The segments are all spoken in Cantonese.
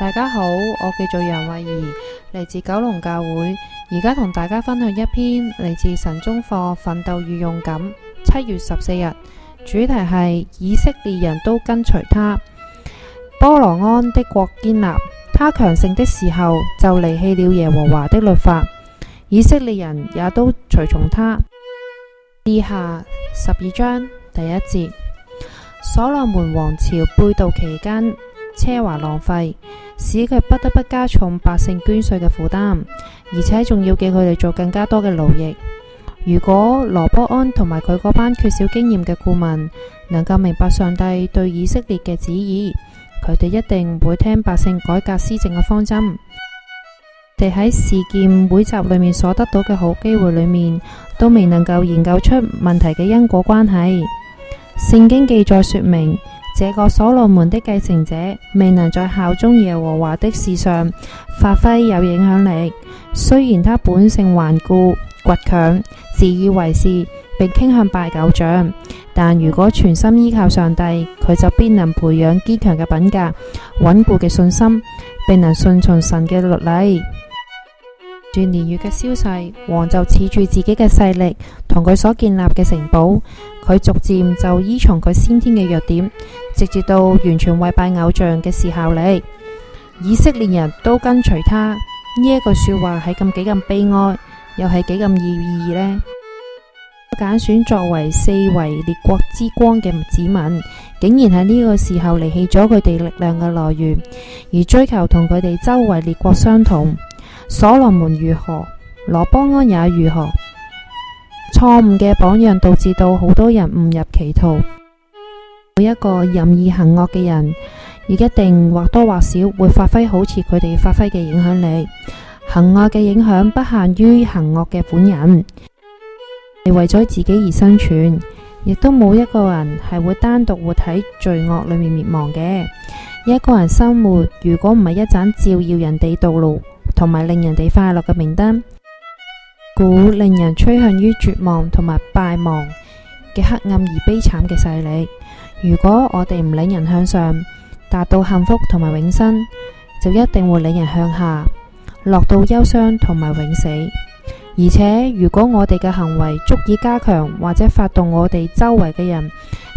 大家好，我叫做楊慧儀，嚟自九龍教會，而家同大家分享一篇嚟自神宗課《奮鬥與勇敢》，七月十四日，主題係以色列人都跟隨他，波羅安的國堅立，他強盛的時候就離棄了耶和華的律法，以色列人也都隨從他。二下十二章第一節，所羅門王朝背道期間。奢華浪費，使佢不得不加重百姓捐稅嘅負擔，而且仲要叫佢哋做更加多嘅勞役。如果羅波安同埋佢嗰班缺少經驗嘅顧問能夠明白上帝對以色列嘅旨意，佢哋一定會聽百姓改革施政嘅方針。哋喺事件會集裏面所得到嘅好機會裏面，都未能夠研究出問題嘅因果關係。聖經記載說明。這個所羅門的繼承者未能在效忠耶和華的事上發揮有影響力，雖然他本性頑固、倔強、自以為是，並傾向拜偶像。但如果全心依靠上帝，佢就必能培養堅強嘅品格、穩固嘅信心，並能順從神嘅律例。但年月嘅消逝，王就恃住自己嘅勢力同佢所建立嘅城堡。佢逐漸就依從佢先天嘅弱點，直至到完全為拜偶像嘅時候嚟，以色列人都跟隨他。呢一句說話係咁幾咁悲哀，又係幾咁意義呢？揀選作為四圍列國之光嘅子民，竟然喺呢個時候離棄咗佢哋力量嘅來源，而追求同佢哋周圍列國相同。所羅門如何，羅波安也如何。錯誤嘅榜樣導致到好多人誤入歧途。每一個任意行惡嘅人，亦一定或多或少會發揮好似佢哋發揮嘅影響力。行惡嘅影響不限於行惡嘅本人，係為咗自己而生存，亦都冇一個人係會單獨活喺罪惡裏面滅亡嘅。一個人生活，如果唔係一盞照耀人哋道路同埋令人哋快樂嘅明燈。苦令人趨向於絕望同埋敗亡嘅黑暗而悲慘嘅勢力。如果我哋唔令人向上，達到幸福同埋永生，就一定會令人向下，落到憂傷同埋永死。而且如果我哋嘅行為足以加強或者發動我哋周圍嘅人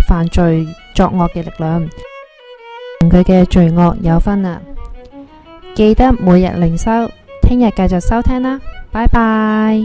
犯罪作惡嘅力量，同佢嘅罪惡有分啊！記得每日靈修，聽日繼續收聽啦。拜拜。